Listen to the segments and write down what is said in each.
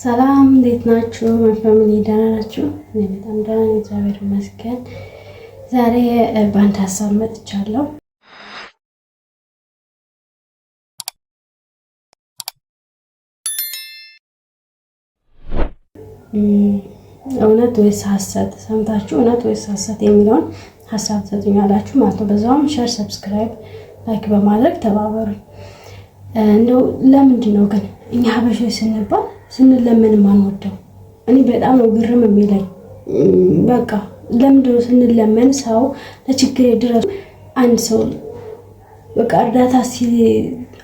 ሰላም እንዴት ናችሁ? መፈምን ደህና ናችሁ? እኔ በጣም ደህና ነኝ፣ እግዚአብሔር ይመስገን። ዛሬ በአንድ ሀሳብ መጥቻለሁ። እውነት ወይስ ሀሰት ሰምታችሁ እውነት ወይስ ሀሰት የሚለውን ሀሳብ ትሰጡኛላችሁ ማለት ነው። በዛውም ሸር፣ ሰብስክራይብ፣ ላይክ በማድረግ ተባበሩ። እንደው ለምንድን ነው ግን እኛ ሀበሾች ስንባል ስንለምን ማንወደው? እኔ በጣም ነው ግርም የሚለኝ። በቃ ለምንድነው ስንለመን ሰው ለችግር ድረሱ? አንድ ሰው በቃ እርዳታ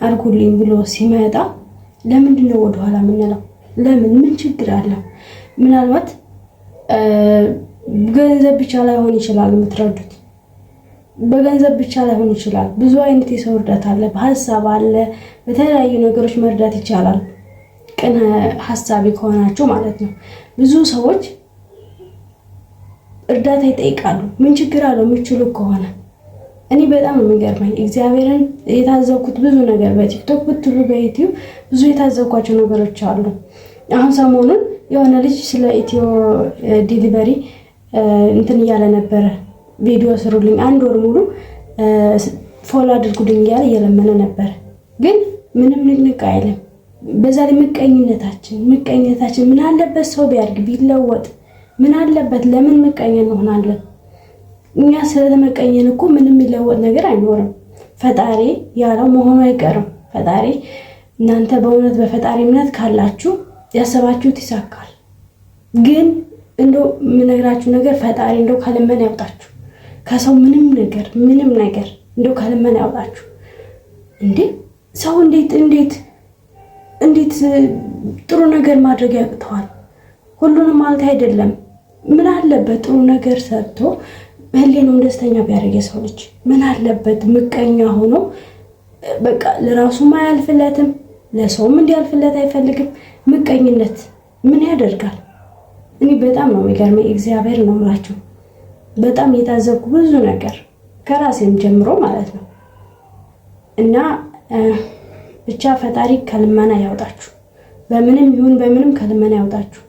አድርጉልኝ ብሎ ሲመጣ ለምንድነው ወደኋላ የምንለው? ለምን? ምን ችግር አለው? ምናልባት ገንዘብ ብቻ ላይሆን ይችላል የምትረዱት በገንዘብ ብቻ ላይሆን ይችላል። ብዙ አይነት የሰው እርዳታ አለ፣ በሀሳብ አለ፣ በተለያዩ ነገሮች መርዳት ይቻላል። ቅን ሀሳቢ ከሆናችሁ ማለት ነው። ብዙ ሰዎች እርዳታ ይጠይቃሉ። ምን ችግር አለው የሚችሉ ከሆነ እኔ በጣም የሚገርመኝ እግዚአብሔርን የታዘብኩት ብዙ ነገር በቲክቶክ ብትሉ በዩቲዩብ ብዙ የታዘብኳቸው ነገሮች አሉ። አሁን ሰሞኑን የሆነ ልጅ ስለ ኢትዮ ዲሊቨሪ እንትን እያለ ነበረ፣ ቪዲዮ ስሩልኝ፣ አንድ ወር ሙሉ ፎሎ አድርጉልኝ እያለ እየለመነ ነበረ፣ ግን ምንም ንቅንቅ አይልም። በዛ ላይ ምቀኝነታችን ምቀኝነታችን ምን አለበት ሰው ቢያድግ ቢለወጥ ምን አለበት? ለምን ምቀኛ እንሆናለን? እኛ ስለተመቀኘን እኮ ምንም የሚለወጥ ነገር አይኖርም። ፈጣሪ ያለው መሆኑ አይቀርም። ፈጣሪ እናንተ በእውነት በፈጣሪ እምነት ካላችሁ ያሰባችሁት ይሳካል። ግን እንደ የምነግራችሁ ነገር ፈጣሪ እንደው ከልመን ያውጣችሁ። ከሰው ምንም ነገር ምንም ነገር እንደው ከልመን ያውጣችሁ። እንዴ ሰው እንዴት እንዴት እንዴት ጥሩ ነገር ማድረግ ያቅተዋል? ሁሉንም ማለት አይደለም። ምን አለበት ጥሩ ነገር ሰርቶ ህሌናውን ደስተኛ ቢያደርግ የሰው ልጅ ምን አለበት ምቀኛ ሆኖ በቃ ለራሱም አያልፍለትም፣ ለሰውም እንዲያልፍለት አይፈልግም። ምቀኝነት ምን ያደርጋል? እኔ በጣም ነው የሚገርመኝ። እግዚአብሔር ነው የምላችሁ በጣም የታዘብኩ ብዙ ነገር ከራሴም ጀምሮ ማለት ነው እና ብቻ ፈጣሪ ከልመና ያውጣችሁ። በምንም ይሁን በምንም ከልመና ያውጣችሁ።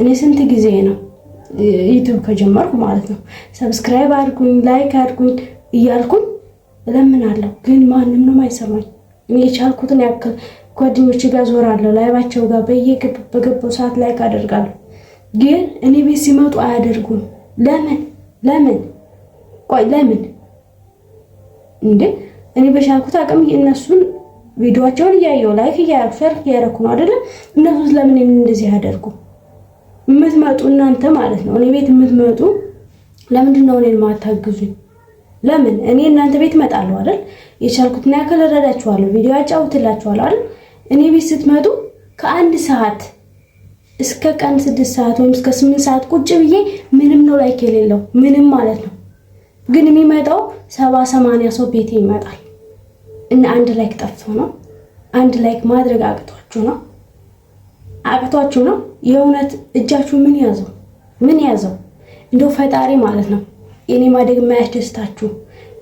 እኔ ስንት ጊዜ ነው ዩቱብ ከጀመርኩ ማለት ነው ሰብስክራይብ አድርጉኝ፣ ላይክ አድርጉኝ እያልኩኝ እለምናለሁ፣ ግን ማንም አይሰማኝ። እኔ የቻልኩትን ያክል ጓደኞች ጋር ዞራለሁ፣ ላይባቸው ጋር በየገባው ሰዓት ላይክ አደርጋለሁ፣ ግን እኔ ቤት ሲመጡ አያደርጉም። ለምን ለምን ቆይ ለምን እንዴ? እኔ በቻልኩት አቅም እነሱን ቪዲዮቸውን እያየው ላይክ እያደረግ ሸር እያረኩ ነው አይደለም። እነሱ ለምን እንደዚህ ያደርጉ? የምትመጡ እናንተ ማለት ነው እኔ ቤት የምትመጡ ለምንድን ነው እኔን ማታግዙኝ? ለምን እኔ እናንተ ቤት እመጣለሁ አይደል? የቻልኩትን ያክል እረዳችኋለሁ፣ ቪዲዮ አጫውትላችኋለሁ አይደል? እኔ ቤት ስትመጡ ከአንድ ሰዓት እስከ ቀን ስድስት ሰዓት ወይም እስከ ስምንት ሰዓት ቁጭ ብዬ ምንም ነው ላይክ የሌለው ምንም ማለት ነው። ግን የሚመጣው ሰባ ሰማንያ ሰው ቤቴ ይመጣል። እና አንድ ላይክ ጠፍቶ ነው? አንድ ላይክ ማድረግ አቅቷችሁ ነው አቅቷችሁ ነው? የእውነት እጃችሁ ምን ያዘው? ምን ያዘው? እንደው ፈጣሪ ማለት ነው። የኔ ማደግ የማያስደስታችሁ፣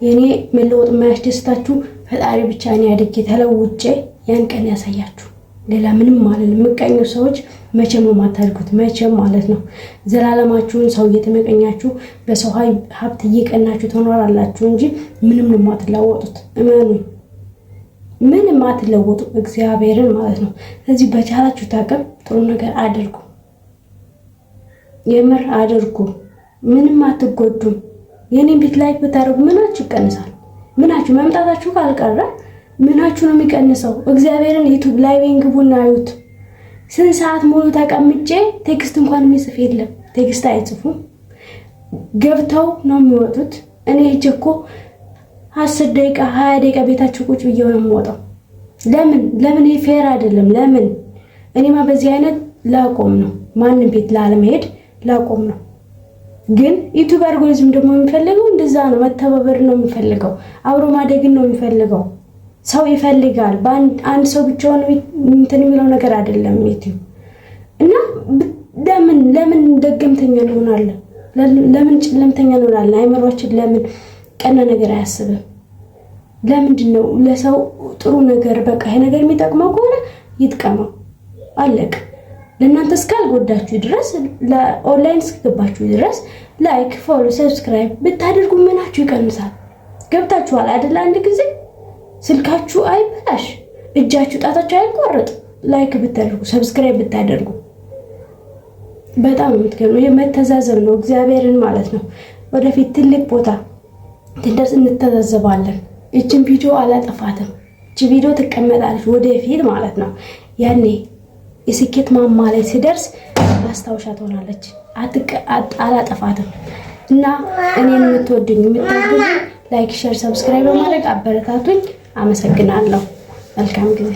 የኔ መለወጥ የማያስደስታችሁ ፈጣሪ ብቻ እኔ አድጌ ተለውጬ ያን ቀን ያሳያችሁ። ሌላ ምንም ማለት የምቀኙ ሰዎች መቼም የማታድጉት መቼም ማለት ነው። ዘላለማችሁን ሰው እየተመቀኛችሁ በሰው ሀብት እየቀናችሁ ትኖራላችሁ እንጂ ምንም ነው የማትለወጡት። እመኑኝ። ምንም አትለወጡ እግዚአብሔርን ማለት ነው። ስለዚህ በቻላችሁ ታቅም ጥሩ ነገር አድርጉ፣ የምር አድርጉ። ምንም አትጎዱም። የኔን ቤት ላይ ብታደርጉ ምናችሁ ይቀንሳል? ምናችሁ መምጣታችሁ ካልቀረ ምናችሁ ነው የሚቀንሰው? እግዚአብሔርን ዩቱብ ላይ ግቡና አዩት። ስንት ሰዓት ሙሉ ተቀምጬ ቴክስት እንኳን የሚጽፍ የለም። ቴክስት አይጽፉም፣ ገብተው ነው የሚወጡት። እኔ ሄጄ እኮ አስር ደቂቃ ሀያ ደቂቃ ቤታቸው ቁጭ ብዬ የምወጣው ለምን ለምን? ይሄ ፌር አይደለም። ለምን እኔማ በዚህ አይነት ላቆም ነው፣ ማንም ቤት ላለመሄድ ላቆም ነው። ግን ዩቱብ አልጎሪዝም ደግሞ የሚፈልገው እንደዛ ነው። መተባበር ነው የሚፈልገው፣ አብሮ ማደግን ነው የሚፈልገው። ሰው ይፈልጋል። አንድ ሰው ብቻውን እንትን የሚለው ነገር አይደለም ዩቲዩብ እና ለምን ለምን ደገምተኛ እንሆናለን? ለምን ጨለምተኛ እንሆናለን? አይምሯችን ለምን ቀና ነገር አያስብም። ለምንድን ነው ለሰው ጥሩ ነገር በቃ ይሄ ነገር የሚጠቅመው ከሆነ ይጥቀመው፣ አለቅ። ለእናንተ እስካልጎዳችሁ ድረስ ኦንላይን እስክገባችሁ ድረስ ላይክ፣ ፎሎ፣ ሰብስክራይብ ብታደርጉ ምናችሁ ይቀንሳል። ገብታችኋል አደለ አንድ ጊዜ ስልካችሁ አይበላሽ፣ እጃችሁ ጣታችሁ አይቆረጥ፣ ላይክ ብታደርጉ ሰብስክራይብ ብታደርጉ በጣም የምትገርመው የመተዛዘብ ነው። እግዚአብሔርን ማለት ነው ወደፊት ትልቅ ቦታ ትደርስ እንተዘዘባለን። እችን ቪዲዮ አላጠፋትም። እች ቪዲዮ ትቀመጣለች ወደፊት ማለት ነው። ያኔ የስኬት ማማ ላይ ሲደርስ ማስታወሻ ትሆናለች። አላጠፋትም እና እኔ የምትወድኝ የምታግዙኝ ላይክ፣ ሸር፣ ሰብስክራይብ በማድረግ አበረታቱኝ። አመሰግናለሁ። መልካም ጊዜ